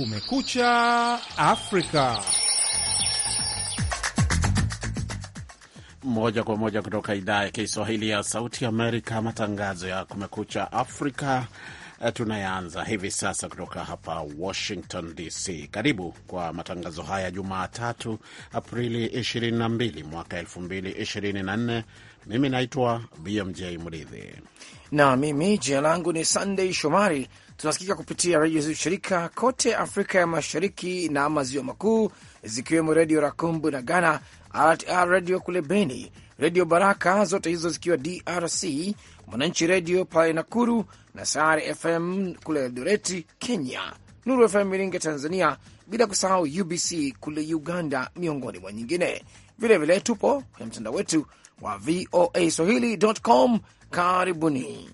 Kumekucha Afrika, moja kwa moja kutoka idhaa ya Kiswahili ya Sauti Amerika. Matangazo ya Kumekucha Afrika eh, tunayaanza hivi sasa kutoka hapa Washington DC. Karibu kwa matangazo haya Jumatatu, Aprili 22 mwaka 2024. Mimi naitwa BMJ Mridhi na mimi jina langu ni Sunday Shomari tunasikika kupitia redio zetu shirika kote Afrika ya Mashariki na Maziwa Makuu, zikiwemo Redio Rakumbu na Ghana, RTR Redio kule Beni, Redio Baraka, zote hizo zikiwa DRC, Mwananchi Redio pale Nakuru na Sayari FM kule Eldoreti, Kenya, Nuru FM Miringe Tanzania, bila kusahau UBC kule Uganda, miongoni mwa nyingine. Vilevile tupo kwenye mtandao wetu wa VOA swahili.com. Karibuni.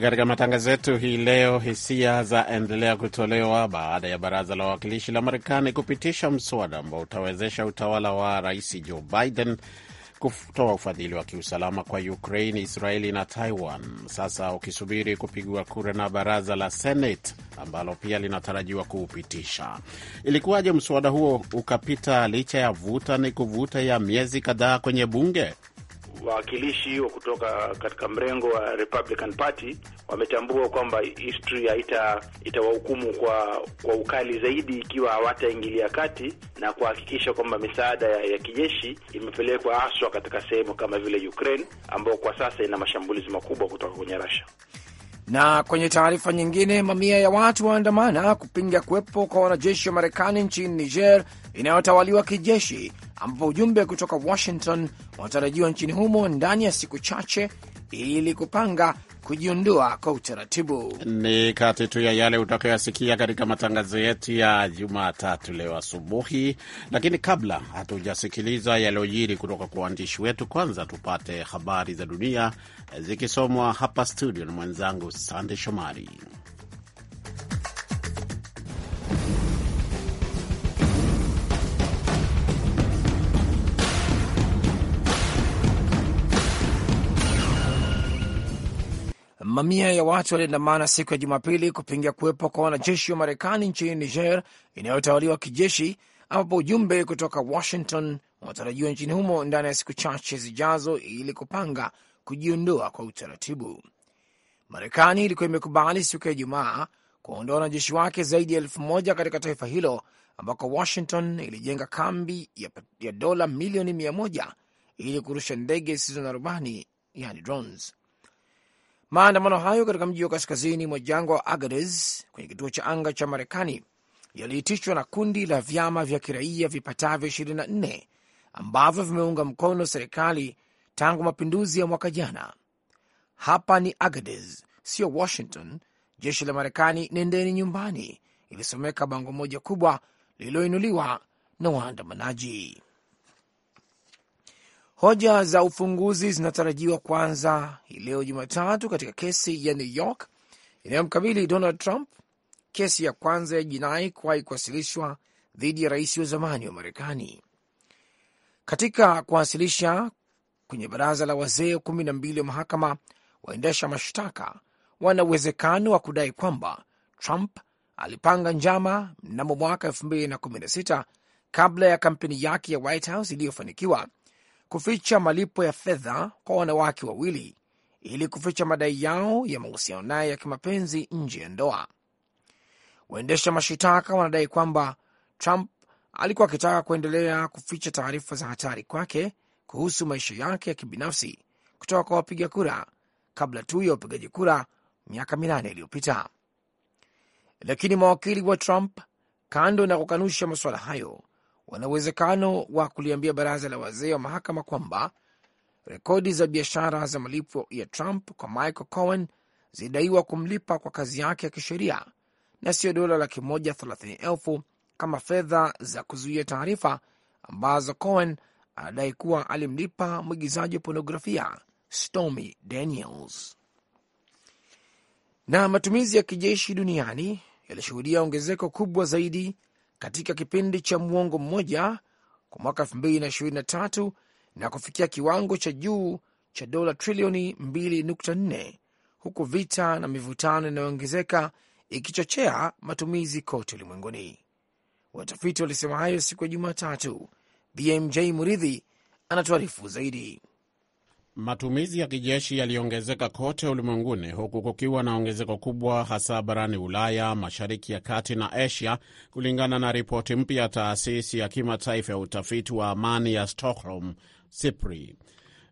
Katika matangazo yetu hii leo, hisia za endelea kutolewa baada ya baraza la wawakilishi la Marekani kupitisha mswada ambao utawezesha utawala wa rais Joe Biden kutoa ufadhili wa kiusalama kwa Ukraine, Israeli na Taiwan, sasa ukisubiri kupigwa kura na baraza la Senate ambalo pia linatarajiwa kuupitisha. Ilikuwaje mswada huo ukapita licha ya vuta ni kuvuta ya miezi kadhaa kwenye bunge? wawakilishi wa kutoka katika mrengo wa Republican Party wametambua kwamba history haita itawahukumu kwa kwa ukali zaidi ikiwa hawataingilia kati na kuhakikisha kwamba misaada ya, ya kijeshi imepelekwa haswa katika sehemu kama vile Ukraine ambayo kwa sasa ina mashambulizi makubwa kutoka kwenye Russia. Na kwenye taarifa nyingine, mamia ya watu waandamana kupinga kuwepo kwa wanajeshi wa Marekani nchini Niger inayotawaliwa kijeshi ambapo ujumbe kutoka Washington unatarajiwa nchini humo ndani ya siku chache ili kupanga kujiondoa kwa utaratibu. Ni kati tu ya yale utakayoyasikia katika matangazo yetu ya Jumatatu leo asubuhi, lakini kabla hatujasikiliza yaliyojiri kutoka kwa waandishi wetu, kwanza tupate habari za dunia zikisomwa hapa studio na mwenzangu Sande Shomari. Mamia ya watu waliandamana siku ya Jumapili kupinga kuwepo kwa wanajeshi wa Marekani nchini Niger inayotawaliwa kijeshi, ambapo ujumbe kutoka Washington unatarajiwa nchini humo ndani ya siku chache zijazo ili kupanga kujiondoa kwa utaratibu. Marekani ilikuwa imekubali siku ya Ijumaa kuwaondoa wanajeshi wake zaidi ya elfu moja katika taifa hilo ambako Washington ilijenga kambi ya, ya dola milioni mia moja ili kurusha ndege zisizo na rubani yani drones. Maandamano hayo katika mji wa kaskazini mwa jangwa wa Agadez kwenye kituo cha anga cha Marekani yaliitishwa na kundi la vyama vya kiraia vipatavyo 24 ambavyo vimeunga mkono serikali tangu mapinduzi ya mwaka jana. Hapa ni Agadez, sio Washington. Jeshi la Marekani, nendeni nyumbani, ilisomeka bango moja kubwa lililoinuliwa na waandamanaji. Hoja za ufunguzi zinatarajiwa kwanza hii leo Jumatatu katika kesi ya New York inayomkabili Donald Trump, kesi ya kwanza ya jinai kuwahi kuwasilishwa dhidi ya rais wa zamani wa Marekani. Katika kuwasilisha kwenye baraza la wazee kumi na mbili wa mahakama, waendesha mashtaka wana uwezekano wa kudai kwamba Trump alipanga njama mnamo mwaka 216 kabla ya kampeni yake ya White House iliyofanikiwa kuficha malipo ya fedha kwa wanawake wawili ili kuficha madai yao ya mahusiano naye ya kimapenzi nje ya ndoa. Waendesha mashitaka wanadai kwamba Trump alikuwa akitaka kuendelea kuficha taarifa za hatari kwake kuhusu maisha yake ya kibinafsi kutoka kwa wapiga kura kabla tu ya upigaji kura miaka minane iliyopita. Lakini mawakili wa Trump, kando na kukanusha masuala hayo, wana uwezekano wa kuliambia baraza la wazee wa mahakama kwamba rekodi za biashara za malipo ya Trump kwa Michael Cohen zilidaiwa kumlipa kwa kazi yake ya kisheria na siyo dola laki moja thelathini elfu kama fedha za kuzuia taarifa ambazo Cohen anadai kuwa alimlipa mwigizaji wa pornografia Stormy Daniels. Na matumizi ya kijeshi duniani yalishuhudia ongezeko kubwa zaidi katika kipindi cha muongo mmoja kwa mwaka 2023 na kufikia kiwango cha juu cha dola trilioni 2.4 huku vita na mivutano inayoongezeka ikichochea matumizi kote ulimwenguni. Watafiti walisema hayo siku ya Jumatatu. BMJ Muridhi anatuarifu zaidi. Matumizi ya kijeshi yaliongezeka kote ulimwenguni huku kukiwa na ongezeko kubwa hasa barani Ulaya, Mashariki ya Kati na Asia, kulingana na ripoti mpya ya taasisi ya kimataifa ya utafiti wa amani ya Stockholm, SIPRI.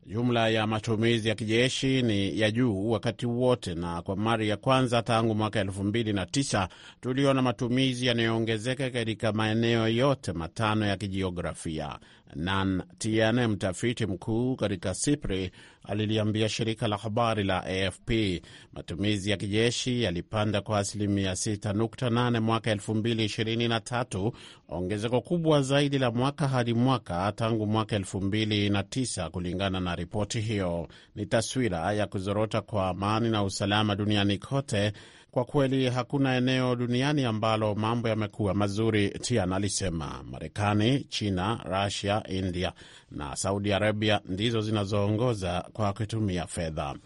Jumla ya matumizi ya kijeshi ni ya juu wakati wote, na kwa mara ya kwanza tangu mwaka elfu mbili na tisa tuliona matumizi yanayoongezeka katika maeneo yote matano ya kijiografia. Nan Tian, mtafiti mkuu katika SIPRI, aliliambia shirika la habari la AFP. Matumizi ya kijeshi yalipanda kwa asilimia 6.8 mwaka 2023, ongezeko kubwa zaidi la mwaka hadi mwaka tangu mwaka 2009, kulingana na ripoti hiyo. Ni taswira ya kuzorota kwa amani na usalama duniani kote kwa kweli hakuna eneo duniani ambalo mambo yamekuwa mazuri, Tian alisema. Marekani, China, Rusia, India na Saudi Arabia ndizo zinazoongoza kwa kutumia fedha.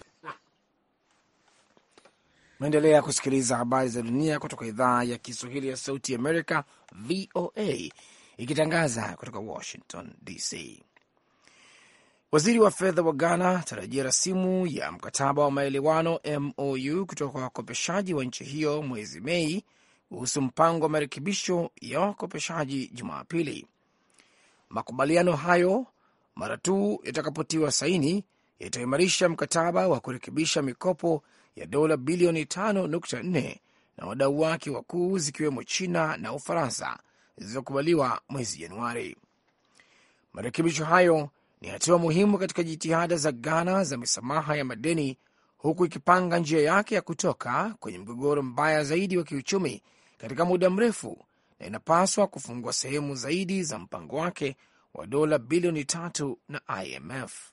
Naendelea kusikiliza habari za dunia kutoka idhaa ya Kiswahili ya Sauti Amerika, VOA, ikitangaza kutoka Washington DC. Waziri wa fedha wa Ghana tarajia rasimu ya mkataba wa maelewano MOU kutoka kwa wakopeshaji wa nchi hiyo mwezi Mei kuhusu mpango wa marekebisho ya wakopeshaji Jumapili. Makubaliano hayo mara tu yatakapotiwa saini yataimarisha mkataba wa kurekebisha mikopo ya dola bilioni 5.4 na wadau wake wakuu zikiwemo China na Ufaransa zilizokubaliwa mwezi Januari. Marekebisho hayo ni hatua muhimu katika jitihada za Ghana za misamaha ya madeni, huku ikipanga njia yake ya kutoka kwenye mgogoro mbaya zaidi wa kiuchumi katika muda mrefu, na inapaswa kufungua sehemu zaidi za mpango wake wa dola bilioni tatu na IMF.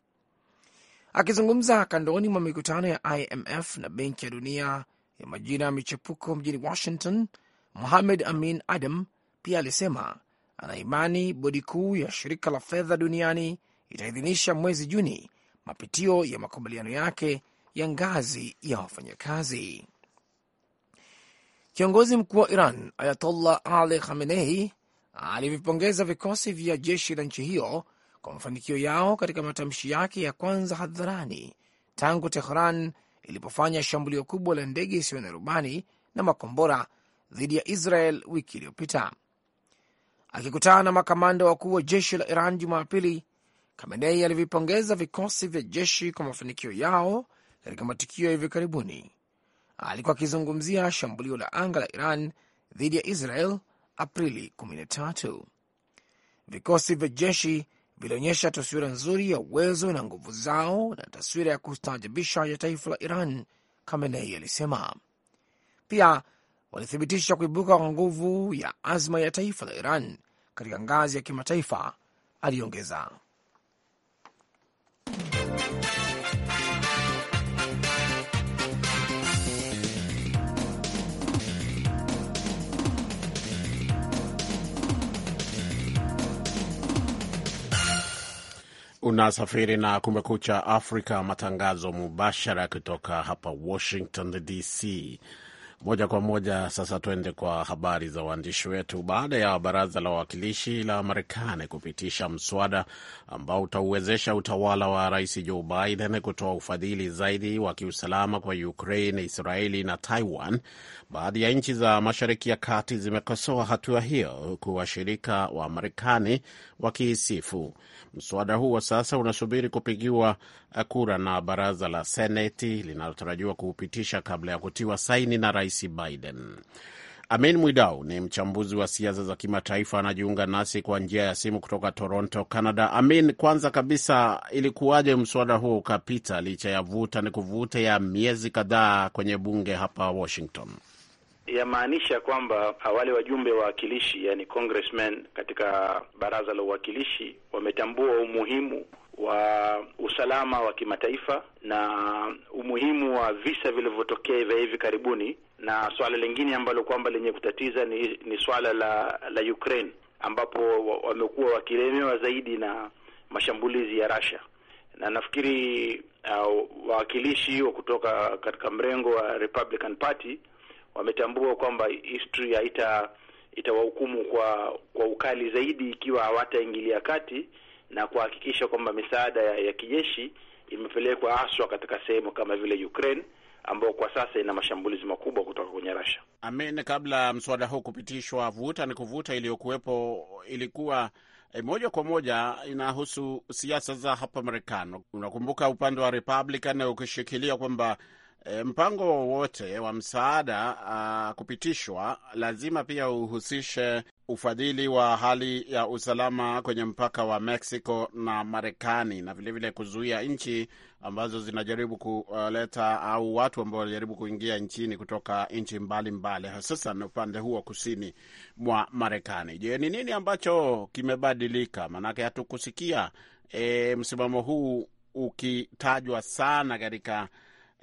Akizungumza kandoni mwa mikutano ya IMF na Benki ya Dunia ya majina ya michepuko mjini Washington, Mohamed Amin Adam pia alisema anaimani bodi kuu ya shirika la fedha duniani itaidhinisha mwezi Juni mapitio ya makubaliano yake ya ngazi ya wafanyakazi. Kiongozi mkuu wa Iran Ayatollah Ali Khamenei alivipongeza vikosi vya jeshi la nchi hiyo kwa mafanikio yao katika matamshi yake ya kwanza hadharani tangu Tehran ilipofanya shambulio kubwa la ndege isiyo na rubani na makombora dhidi ya Israel wiki iliyopita. Akikutana na makamanda wakuu wa jeshi la Iran Jumapili, Kamenei alivipongeza vikosi vya jeshi kwa mafanikio yao katika matukio ya hivi karibuni. Alikuwa akizungumzia shambulio la anga la Iran dhidi ya Israel Aprili 13. Vikosi vya jeshi vilionyesha taswira nzuri ya uwezo na nguvu zao na taswira ya kustaajabisha ya taifa la Iran, Kamenei alisema. Pia walithibitisha kuibuka kwa nguvu ya azma ya taifa la Iran katika ngazi ya kimataifa, aliongeza. Unasafiri na Kumekucha Afrika, matangazo mubashara kutoka hapa Washington DC. Moja kwa moja sasa tuende kwa habari za waandishi wetu. Baada ya baraza la wawakilishi la Marekani kupitisha mswada ambao utauwezesha utawala wa rais Joe Biden kutoa ufadhili zaidi wa kiusalama kwa Ukraine, Israeli na Taiwan, baadhi ya nchi za Mashariki ya Kati zimekosoa hatua hiyo, huku washirika wa Marekani wakiisifu mswada huo. Sasa unasubiri kupigiwa kura na baraza la Seneti linalotarajiwa kuupitisha kabla ya kutiwa saini na Rais Biden. Amin Mwidau ni mchambuzi wa siasa za kimataifa, anajiunga nasi kwa njia ya simu kutoka Toronto, Canada. Amin, kwanza kabisa, ilikuwaje mswada huo ukapita licha ya vuta ni kuvute ya miezi kadhaa kwenye bunge hapa Washington? Yamaanisha kwamba wale wajumbe wakilishi, yani congressmen, katika baraza la uwakilishi wametambua umuhimu wa usalama wa kimataifa na umuhimu wa visa vilivyotokea vya hivi karibuni, na swala lingine ambalo kwamba lenye kutatiza ni, ni swala la la Ukraine ambapo wamekuwa wakilemewa zaidi na mashambulizi ya Russia, na nafikiri uh, wawakilishi wa kutoka katika mrengo wa Republican Party wametambua kwamba history haita itawahukumu kwa kwa ukali zaidi ikiwa hawataingilia kati na kuhakikisha kwamba misaada ya, ya kijeshi imepelekwa haswa katika sehemu kama vile Ukraine ambayo kwa sasa ina mashambulizi makubwa kutoka kwenye Russia. Amin, kabla mswada huu kupitishwa, vuta ni kuvuta iliyokuwepo ilikuwa E, moja kwa moja inahusu siasa za hapa Marekani. Unakumbuka upande wa Republican ukishikilia kwamba E, mpango wowote wa msaada a, ah, kupitishwa lazima pia uhusishe ufadhili wa hali ya usalama kwenye mpaka wa Mexico na Marekani na vilevile kuzuia nchi ambazo zinajaribu kuleta au watu ambao wanajaribu kuingia nchini kutoka nchi mbalimbali, hususan upande huo kusini mwa Marekani. Je, ni nini ambacho kimebadilika? Maanake hatukusikia e, msimamo huu ukitajwa sana katika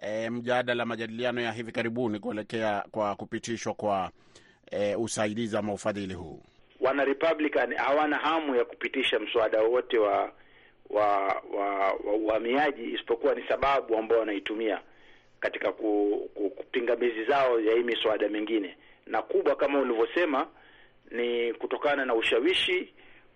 e, mjadala majadiliano ya hivi karibuni kuelekea kwa kupitishwa kwa e, usaidizi ama ufadhili huu? Wana Republican hawana hamu ya kupitisha mswada wwote wa wa wa uhamiaji wa isipokuwa ni sababu ambao wanaitumia katika ku, ku, zao ya hii miswada mingine, na kubwa kama ulivyosema ni kutokana na ushawishi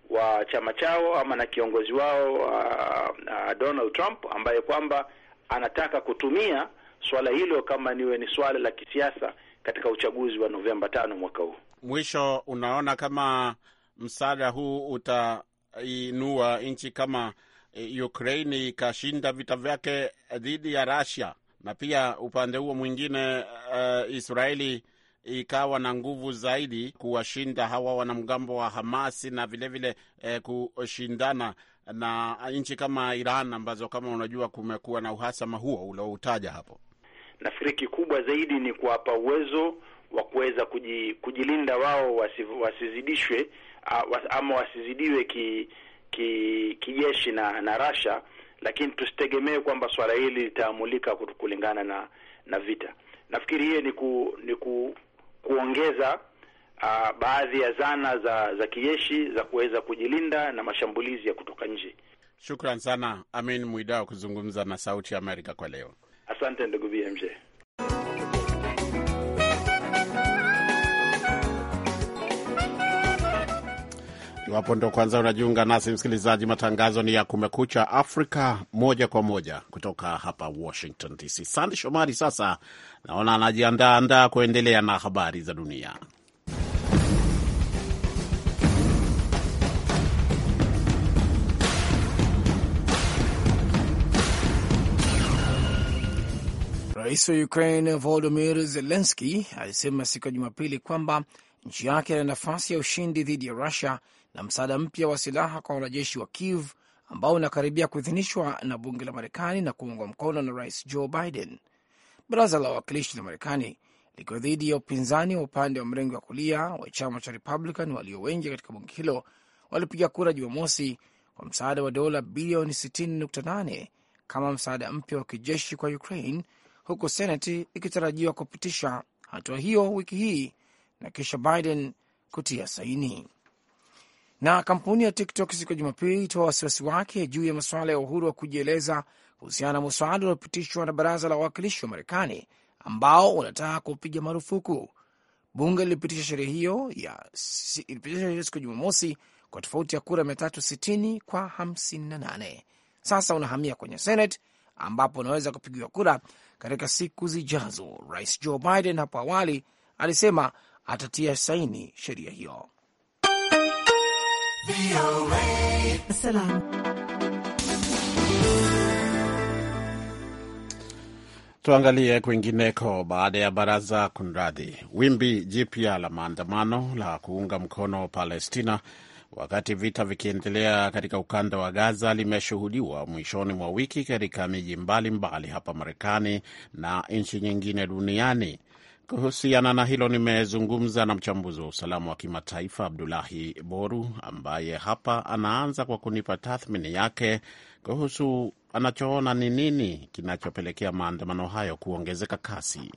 wa chama chao ama na kiongozi wao uh, uh, Donald Trump ambaye kwamba anataka kutumia swala hilo kama niwe ni swala la kisiasa katika uchaguzi wa Novemba tano mwaka huu. Mwisho, unaona kama msaada huu utainua nchi kama eh, Ukraini ikashinda vita vyake dhidi ya Russia na pia upande huo mwingine uh, Israeli ikawa na nguvu zaidi kuwashinda hawa wanamgambo wa Hamasi na vilevile vile, eh, kushindana na nchi kama Iran ambazo kama unajua kumekuwa na uhasama huo ulioutaja hapo? Nafikiri kikubwa zaidi ni kuwapa uwezo wa kuweza kujilinda wao wasizidishwe ama wasizidiwe ki, ki, kijeshi na na Russia, lakini tusitegemee kwamba swala hili litaamulika kulingana na na vita. Nafikiri hiyo ni, ku, ni ku, kuongeza a, ah, baadhi ya zana za, za kijeshi za kuweza kujilinda na mashambulizi ya kutoka nje. Shukran sana Amin Mwidao kuzungumza na Sauti ya Amerika kwa leo. Asante ndugu BMJ. Iwapo ndo kwanza unajiunga nasi msikilizaji, matangazo ni ya Kumekucha Afrika moja kwa moja kutoka hapa Washington DC. Sande Shomari sasa naona anajiandaandaa kuendelea na habari za dunia. Rais wa Ukraine Volodymyr Zelensky alisema siku ya Jumapili kwamba nchi yake ina nafasi ya ushindi dhidi ya Rusia na msaada mpya wa silaha kwa wanajeshi wa Kiev ambao unakaribia kuidhinishwa na bunge la Marekani na kuungwa mkono na Rais Joe Biden. Baraza la wawakilishi la Marekani likiwa dhidi ya upinzani wa upande wa mrengo wa kulia wa chama cha Republican walio wengi katika bunge hilo walipiga kura Jumamosi kwa msaada wa dola bilioni 60.8 kama msaada mpya wa kijeshi kwa Ukraine huku Senati ikitarajiwa kupitisha hatua hiyo wiki hii na kisha Biden kutia saini. Na kampuni ya TikTok siku ya Jumapili itoa wasiwasi wake juu ya masuala ya uhuru wa kujieleza kuhusiana na muswada uliopitishwa na baraza la wawakilishi wa Marekani ambao unataka kupiga marufuku. Bunge lilipitisha sheria hiyo ya siku ya Jumamosi kwa tofauti ya kura 360 kwa 58. Sasa unahamia kwenye Senate ambapo unaweza kupigiwa kura katika siku zijazo. Rais Joe Biden hapo awali alisema atatia saini sheria hiyo. Tuangalie kwingineko. Baada ya baraza kunradhi, wimbi jipya la maandamano la kuunga mkono Palestina wakati vita vikiendelea katika ukanda wa Gaza limeshuhudiwa mwishoni mwa wiki katika miji mbalimbali hapa Marekani na nchi nyingine duniani. Kuhusiana na hilo nimezungumza na mchambuzi wa usalama wa kimataifa Abdulahi Boru, ambaye hapa anaanza kwa kunipa tathmini yake kuhusu anachoona ni nini kinachopelekea maandamano hayo kuongezeka kasi.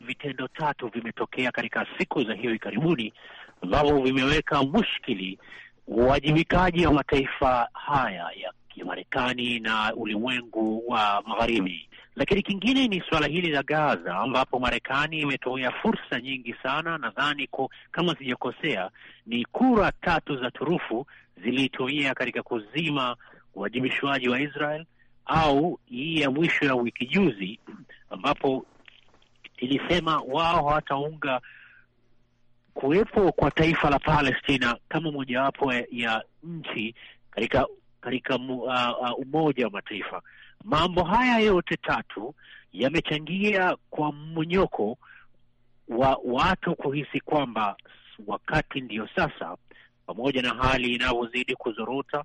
Vitendo tatu vimetokea katika siku za hivi karibuni ambavyo vimeweka mushkili uwajibikaji wa mataifa haya ya Kimarekani na ulimwengu wa Magharibi. Lakini kingine ni suala hili la Gaza, ambapo Marekani imetolea fursa nyingi sana. Nadhani kama sijakosea, ni kura tatu za turufu zilitumia katika kuzima uwajibishwaji wa Israel, au hii ya mwisho ya wiki juzi, ambapo ilisema wao hawataunga kuwepo kwa taifa la Palestina kama mojawapo ya nchi katika katika uh, uh, Umoja wa Mataifa. Mambo haya yote tatu yamechangia kwa mmonyoko wa watu kuhisi kwamba wakati ndiyo sasa, pamoja na hali inavyozidi kuzorota,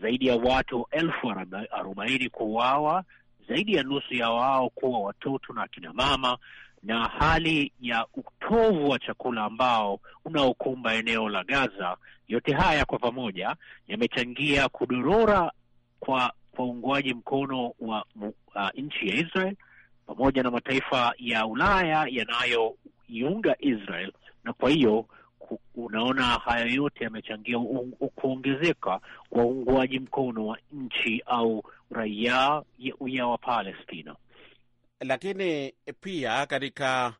zaidi ya watu elfu arobaini kuuawa, zaidi ya nusu ya wao kuwa watoto na akina mama na hali ya utovu wa chakula ambao unaokumba eneo la Gaza. Yote haya kwa pamoja yamechangia kudorora kwa kwa uungwaji mkono wa uh, nchi ya Israel pamoja na mataifa ya Ulaya yanayoiunga Israel, na kwa hiyo unaona haya yote yamechangia kuongezeka kwa uungwaji mkono wa nchi au raia ya, ya wa Palestina lakini pia katika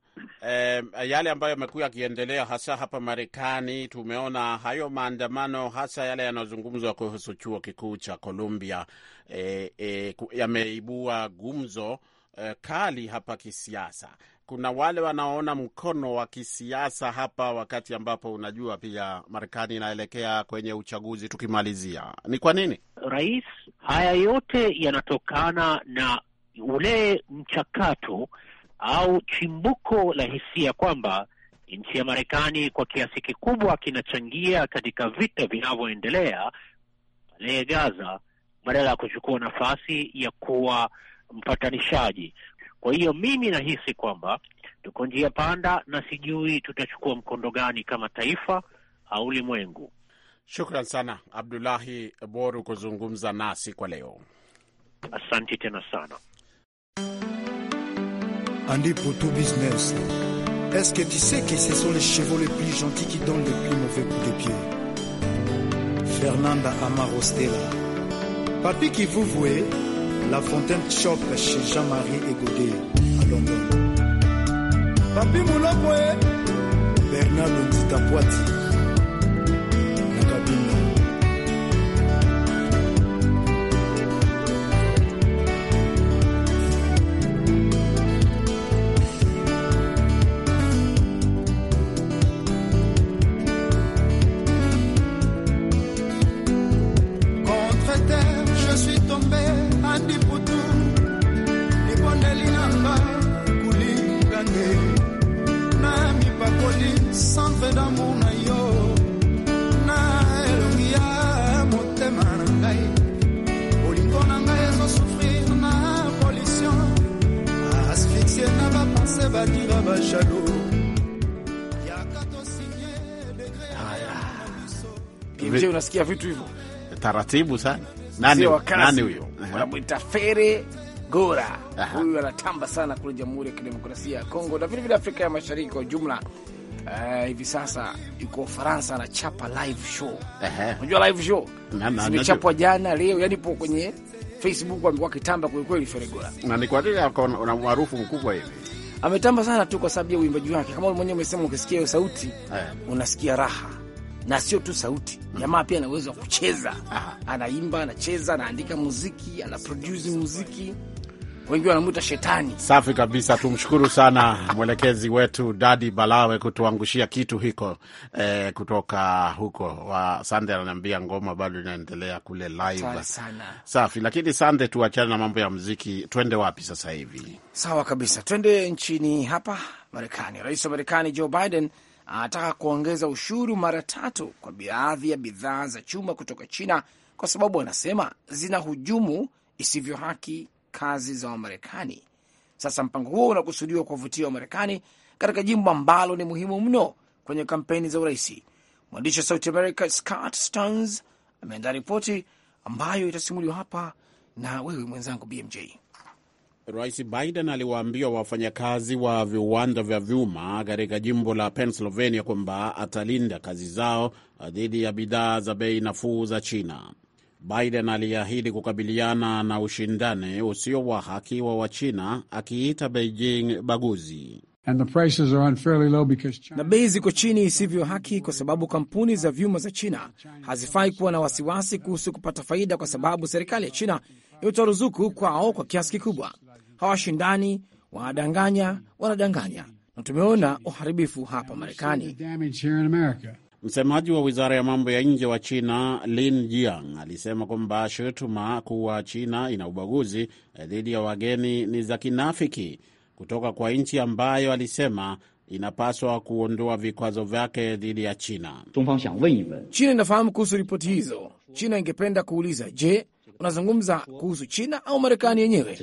eh, yale ambayo yamekuwa yakiendelea hasa hapa Marekani, tumeona hayo maandamano hasa yale yanayozungumzwa kuhusu chuo kikuu cha Columbia eh, eh, yameibua gumzo eh, kali hapa kisiasa. Kuna wale wanaoona mkono wa kisiasa hapa, wakati ambapo unajua pia Marekani inaelekea kwenye uchaguzi. Tukimalizia, ni kwa nini rais, haya yote yanatokana na ule mchakato au chimbuko la hisia kwamba nchi ya Marekani kwa kiasi kikubwa kinachangia katika vita vinavyoendelea pale Gaza badala ya kuchukua nafasi ya kuwa mpatanishaji. Kwa hiyo mimi nahisi kwamba tuko njia panda, na sijui tutachukua mkondo gani kama taifa au ulimwengu. Shukran sana Abdulahi Boru kuzungumza nasi kwa leo. Asante tena sana. Andy pour tout business. Est-ce que tu sais que ce sont les chevaux les plus gentils qui donnent les plus mauvais coups de pied Fernanda Amarostela. Papi qui vous vouez, la fontaine chope chez Jean-Marie Egodé, à Londres. Papi Moulaboué, Bernard Londita Poitiers. nasikia vitu hivyo taratibu sana. Nani nani huyo? Wanamwita Fere Gora, huyu anatamba sana kule Jamhuri ya Kidemokrasia ya Kongo na vilevile Afrika ya Mashariki kwa ujumla. Eh, hivi Uh, sasa yuko Ufaransa anachapa live show. Unajua live show imechapwa jana leo, yani po kwenye Facebook amekuwa akitamba kwelikweli Fere Gora, na ni kwa nini ana umaarufu mkubwa hivi ametamba sana tu kwa sababu ya uimbaji wake, kama mwenyewe umesema, ukisikia hiyo sauti eh. unasikia raha na sio tu sauti, jamaa pia ana uwezo wa kucheza. Anaimba, anacheza, anaandika muziki, ana produce muziki wengi wanamwita shetani. Safi kabisa, tumshukuru sana mwelekezi wetu Dadi Balawe kutuangushia kitu hiko eh, kutoka huko wa Sande ananiambia ngoma bado inaendelea kule live Safi, lakini Sande, tuachane na mambo ya mziki, twende wapi sasa hivi? Sawa kabisa, twende nchini hapa Marekani. Rais wa Marekani Joe Biden anataka kuongeza ushuru mara tatu kwa baadhi ya bidhaa za chuma kutoka China kwa sababu anasema zina hujumu isivyo haki kazi za Wamarekani. Sasa mpango huo unakusudiwa kuwavutia Wamarekani katika jimbo ambalo ni muhimu mno kwenye kampeni za uraisi. Mwandishi wa Sauti America Scott Stones ameandaa ripoti ambayo itasimuliwa hapa na wewe mwenzangu BMJ. Rais Biden aliwaambia wafanyakazi wa viwanda vya vyuma katika jimbo la Pennsylvania kwamba atalinda kazi zao dhidi ya bidhaa za bei nafuu za China. Biden aliahidi kukabiliana na ushindani usio wa haki wa Wachina, akiita Beijing baguzi. And the prices are unfairly low because China... na bei ziko chini isivyo haki kwa sababu kampuni za vyuma za China hazifai kuwa na wasiwasi kuhusu kupata faida, kwa sababu serikali ya China imetoa ruzuku kwao kwa kiasi kikubwa hawashindani, wanadanganya, wanadanganya na tumeona uharibifu hapa Marekani. Msemaji wa wizara ya mambo ya nje wa China Lin Jiang alisema kwamba shutuma kuwa China ina ubaguzi eh, dhidi ya wageni ni za kinafiki kutoka kwa nchi ambayo alisema inapaswa kuondoa vikwazo vyake dhidi ya China. China inafahamu kuhusu ripoti hizo. China ingependa kuuliza, je, unazungumza kuhusu China au Marekani yenyewe?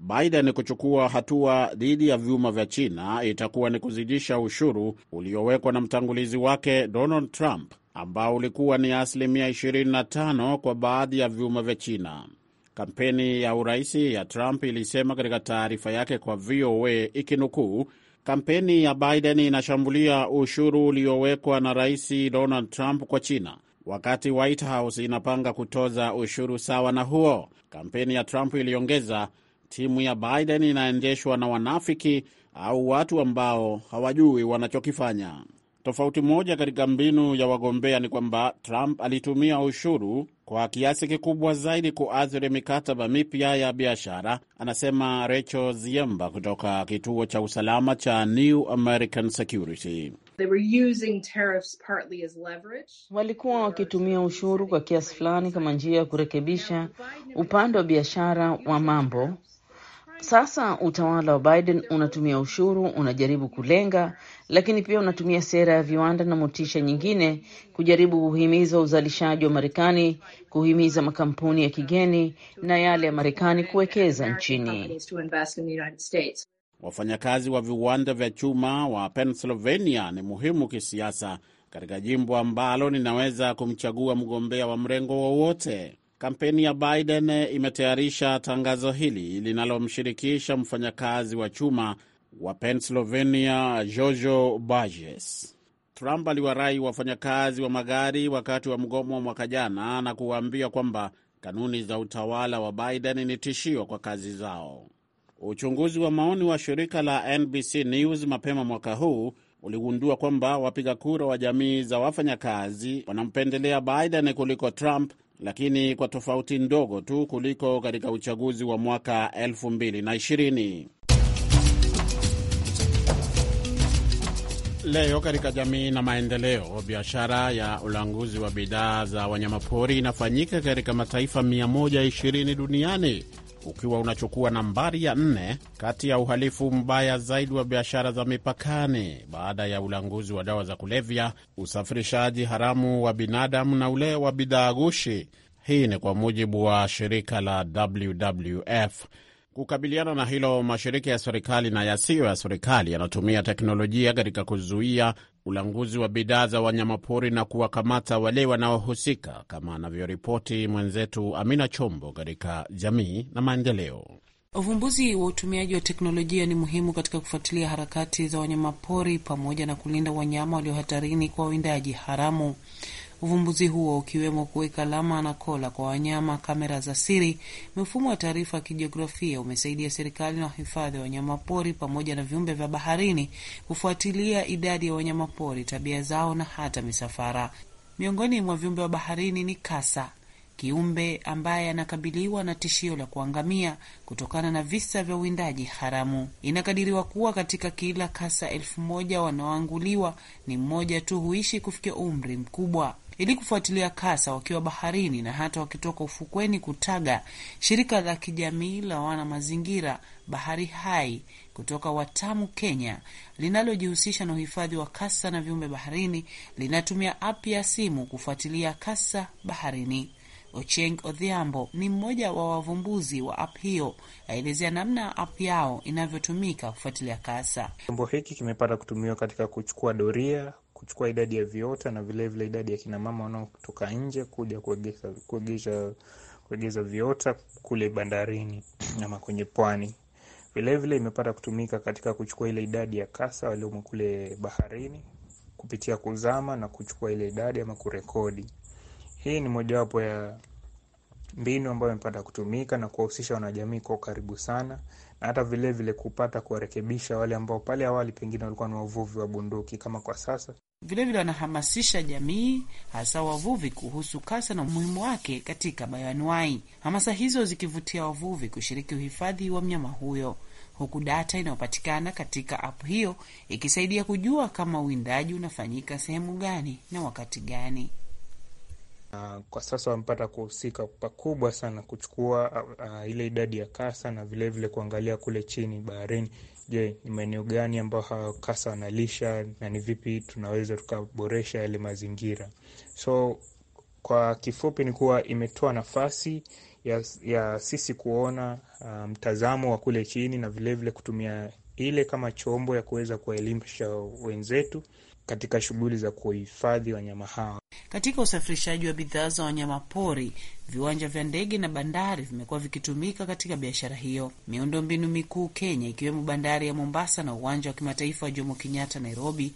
Biden kuchukua hatua dhidi ya vyuma vya China itakuwa ni kuzidisha ushuru uliowekwa na mtangulizi wake Donald Trump ambao ulikuwa ni asilimia 25 kwa baadhi ya vyuma vya China. Kampeni ya uraisi ya Trump ilisema katika taarifa yake kwa VOA ikinukuu, kampeni ya Biden inashambulia ushuru uliowekwa na Rais Donald Trump kwa China wakati White House inapanga kutoza ushuru sawa na huo. Kampeni ya Trump iliongeza, timu ya Biden inaendeshwa na wanafiki au watu ambao hawajui wanachokifanya. Tofauti moja katika mbinu ya wagombea ni kwamba Trump alitumia ushuru kwa kiasi kikubwa zaidi kuathiri mikataba mipya ya biashara, anasema Rachel Ziemba kutoka kituo cha usalama cha New American Security. They were using tariffs partly as leverage. Walikuwa wakitumia ushuru kwa kiasi fulani kama njia ya kurekebisha upande wa biashara wa mambo sasa utawala wa Biden unatumia ushuru, unajaribu kulenga, lakini pia unatumia sera ya viwanda na motisha nyingine kujaribu kuhimiza uzalishaji wa Marekani, kuhimiza makampuni ya kigeni na yale ya Marekani kuwekeza nchini. Wafanyakazi wa viwanda vya chuma wa Pennsylvania ni muhimu kisiasa katika jimbo ambalo ninaweza kumchagua mgombea wa mrengo wowote. Kampeni ya Biden imetayarisha tangazo hili linalomshirikisha mfanyakazi wa chuma wa Pennsylvania Jojo Burgess. Trump aliwarai wafanyakazi wa magari wakati wa mgomo wa mwaka jana na kuwaambia kwamba kanuni za utawala wa Biden ni tishio kwa kazi zao. Uchunguzi wa maoni wa shirika la NBC News mapema mwaka huu uligundua kwamba wapiga kura wa jamii za wafanyakazi wanampendelea Biden kuliko Trump lakini kwa tofauti ndogo tu kuliko katika uchaguzi wa mwaka 2020. Leo katika jamii na maendeleo, biashara ya ulanguzi wa bidhaa za wanyamapori inafanyika katika mataifa 120 duniani ukiwa unachukua nambari ya nne kati ya uhalifu mbaya zaidi wa biashara za mipakani baada ya ulanguzi wa dawa za kulevya, usafirishaji haramu wa binadamu na ule wa bidhaa gushi. Hii ni kwa mujibu wa shirika la WWF Kukabiliana na hilo, mashirika ya serikali na yasiyo ya serikali yanatumia teknolojia katika kuzuia ulanguzi wa bidhaa za wanyamapori na kuwakamata wale wanaohusika, kama anavyoripoti mwenzetu Amina Chombo katika Jamii na Maendeleo. Uvumbuzi wa utumiaji wa teknolojia ni muhimu katika kufuatilia harakati za wanyamapori pamoja na kulinda wanyama walio hatarini kwa uwindaji haramu. Uvumbuzi huo ukiwemo kuweka alama na kola kwa wanyama, kamera za siri, mifumo ya taarifa ya kijiografia umesaidia serikali na wahifadhi wa wanyamapori pamoja na viumbe vya baharini kufuatilia idadi ya wanyamapori, tabia zao na hata misafara. Miongoni mwa viumbe wa baharini ni kasa, kiumbe ambaye anakabiliwa na tishio la kuangamia kutokana na visa vya uwindaji haramu. Inakadiriwa kuwa katika kila kasa elfu moja wanaoanguliwa ni mmoja tu huishi kufikia umri mkubwa ili kufuatilia kasa wakiwa baharini na hata wakitoka ufukweni kutaga. Shirika la kijamii la wana mazingira Bahari Hai kutoka Watamu, Kenya, linalojihusisha na uhifadhi wa kasa na viumbe baharini linatumia app ya simu kufuatilia kasa baharini. Ocheng Odhiambo ni mmoja wa wavumbuzi wa app hiyo, aelezea namna app yao inavyotumika kufuatilia kasa. Chombo hiki kimepata kutumiwa katika kuchukua doria, kuchukua idadi ya viota na vilevile vile idadi ya kinamama wanaotoka nje kuja kuegeza viota kule bandarini ama kwenye pwani. Vilevile imepata kutumika katika kuchukua ile idadi ya kasa waliomo kule baharini kupitia kuzama na kuchukua ile idadi ama kurekodi. Hii ni mojawapo ya mbinu ambayo imepata kutumika na kuwahusisha wanajamii kwa karibu sana na hata vile vile kupata kuwarekebisha wale ambao pale awali pengine walikuwa ni wavuvi wa bunduki kama kwa sasa. Vilevile wanahamasisha jamii hasa wavuvi kuhusu kasa na umuhimu wake katika bayanwai hamasa hizo zikivutia wavuvi kushiriki uhifadhi wa mnyama huyo, huku data inayopatikana katika app hiyo ikisaidia kujua kama uwindaji unafanyika sehemu gani na wakati gani. Ah, kwa sasa wamepata kuhusika pakubwa sana kuchukua uh, ile idadi ya kasa na vilevile vile kuangalia kule chini baharini. Je, ni maeneo gani ambayo hawa kasa wanalisha na ni vipi tunaweza tukaboresha yale mazingira? So kwa kifupi ni kuwa imetoa nafasi ya, ya sisi kuona mtazamo um, wa kule chini na vilevile vile kutumia ile kama chombo ya kuweza kuwaelimisha wenzetu katika shughuli za kuhifadhi wanyama hawa. Katika usafirishaji wa bidhaa za wanyama pori, viwanja vya ndege na bandari vimekuwa vikitumika katika biashara hiyo. miundo mbinu mikuu Kenya, ikiwemo bandari ya Mombasa na uwanja wa kimataifa wa Jomo Kenyatta Nairobi,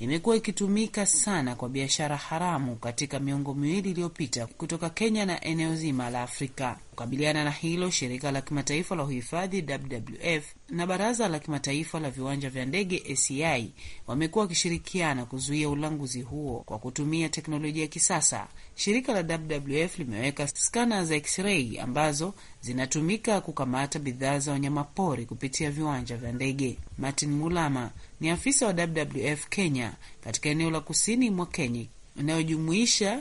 imekuwa ikitumika sana kwa biashara haramu katika miongo miwili iliyopita kutoka Kenya na eneo zima la Afrika. Kukabiliana na hilo, shirika la kimataifa la uhifadhi WWF na baraza la kimataifa la viwanja vya ndege ACI wamekuwa wakishirikiana kuzuia ulanguzi huo kwa kutumia teknolojia ya kisasa. Shirika la WWF limeweka skana za X-ray ambazo zinatumika kukamata bidhaa za wanyamapori kupitia viwanja vya ndege. Martin Mulama ni afisa wa WWF Kenya katika eneo la kusini mwa Kenya inayojumuisha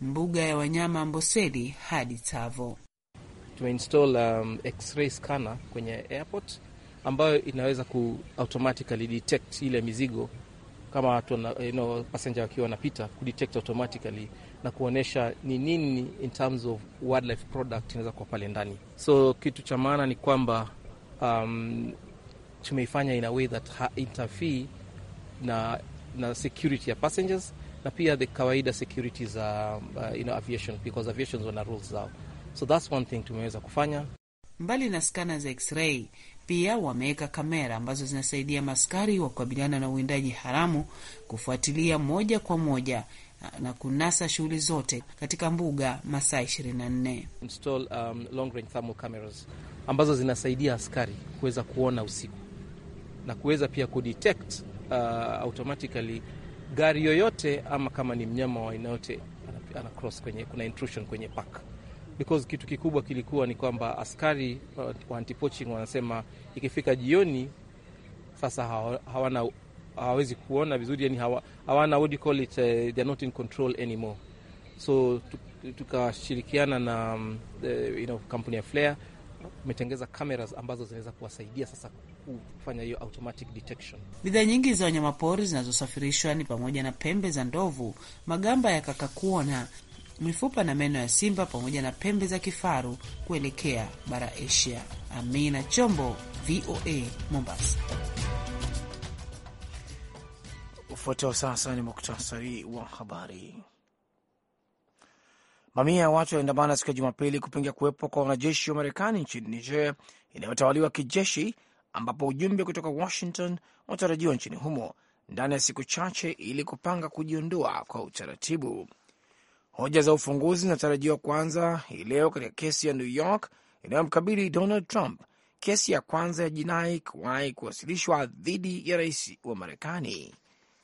mbuga ya wanyama Amboseli hadi Tsavo tumeinstall um, x-ray scanner kwenye airport ambayo inaweza ku automatically detect ile mizigo kama watu you know, passenger wakiwa wanapita kudetect automatically na kuonyesha ni nini in terms of wildlife product inaweza kuwa pale ndani. So kitu cha maana ni kwamba um, tumeifanya in a way that ha interfere na, na security ya passengers na pia the kawaida security za um, uh, you know, aviation because aviation wana rules zao So that's one thing tumeweza kufanya. Mbali na skana za x-ray, pia wameweka kamera ambazo zinasaidia maskari wa kukabiliana na uwindaji haramu kufuatilia moja kwa moja na kunasa shughuli zote katika mbuga masaa 24. Install, um, long range thermal cameras ambazo zinasaidia askari kuweza kuona usiku na kuweza pia kudetect uh, automatically gari yoyote ama kama ni mnyama wa aina yote ana cross kwenye, kuna intrusion kwenye park because kitu kikubwa kilikuwa ni kwamba askari uh, wa anti-poaching wanasema ikifika jioni sasa hawana hawawezi kuona vizuri, yani hawana what you call it, uh, they are not in control anymore. So tukashirikiana na um, the, you know, kampuni ya Flare umetengeza cameras ambazo zinaweza kuwasaidia sasa kufanya hiyo automatic detection. Bidhaa nyingi za wanyamapori zinazosafirishwa ni pamoja na pembe za ndovu, magamba ya kakakuona mifupa na meno ya simba pamoja na pembe za kifaru kuelekea bara Asia. Amina Chombo, VOA Mombasa. Ufuatao sasa ni muktasari wa habari. Mamia ya watu waliandamana siku ya Jumapili kupinga kuwepo kwa wanajeshi wa Marekani nchini Niger inayotawaliwa kijeshi, ambapo ujumbe kutoka Washington unatarajiwa nchini humo ndani ya siku chache ili kupanga kujiondoa kwa utaratibu. Hoja za ufunguzi zinatarajiwa kuanza hii leo katika kesi ya New York inayomkabili Donald Trump, kesi ya kwanza ya jinai kuwahi kuwasilishwa dhidi ya rais wa Marekani.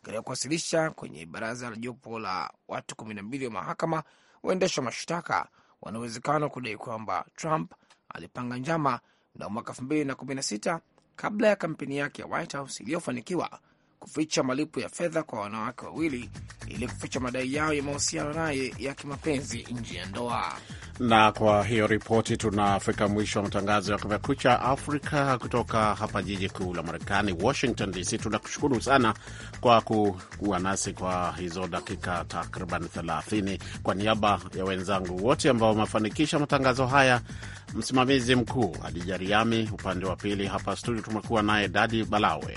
Katika kuwasilisha kwenye baraza la jopo la watu kumi na mbili wa mahakama, waendesha mashtaka wana uwezekano kudai kwamba Trump alipanga njama na mwaka elfu mbili na kumi na sita kabla ya kampeni yake ya White House iliyofanikiwa kuficha malipo ya fedha kwa wanawake wawili ili kuficha madai yao ya mahusiano naye ya kimapenzi nje ya ndoa. Na kwa hiyo ripoti, tunafika mwisho wa matangazo ya Kumekucha Afrika kutoka hapa jiji kuu la Marekani, Washington DC. Tunakushukuru sana kwa kuwa nasi kwa hizo dakika takriban 30. Kwa niaba ya wenzangu wote ambao wamefanikisha matangazo haya, msimamizi mkuu Adija Riami, upande wa pili hapa studio tumekuwa naye Dadi Balawe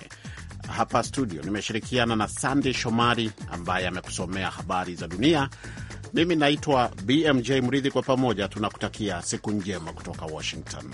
hapa studio nimeshirikiana na Sandey Shomari ambaye amekusomea habari za dunia. Mimi naitwa BMJ Mridhi. Kwa pamoja tunakutakia siku njema kutoka Washington.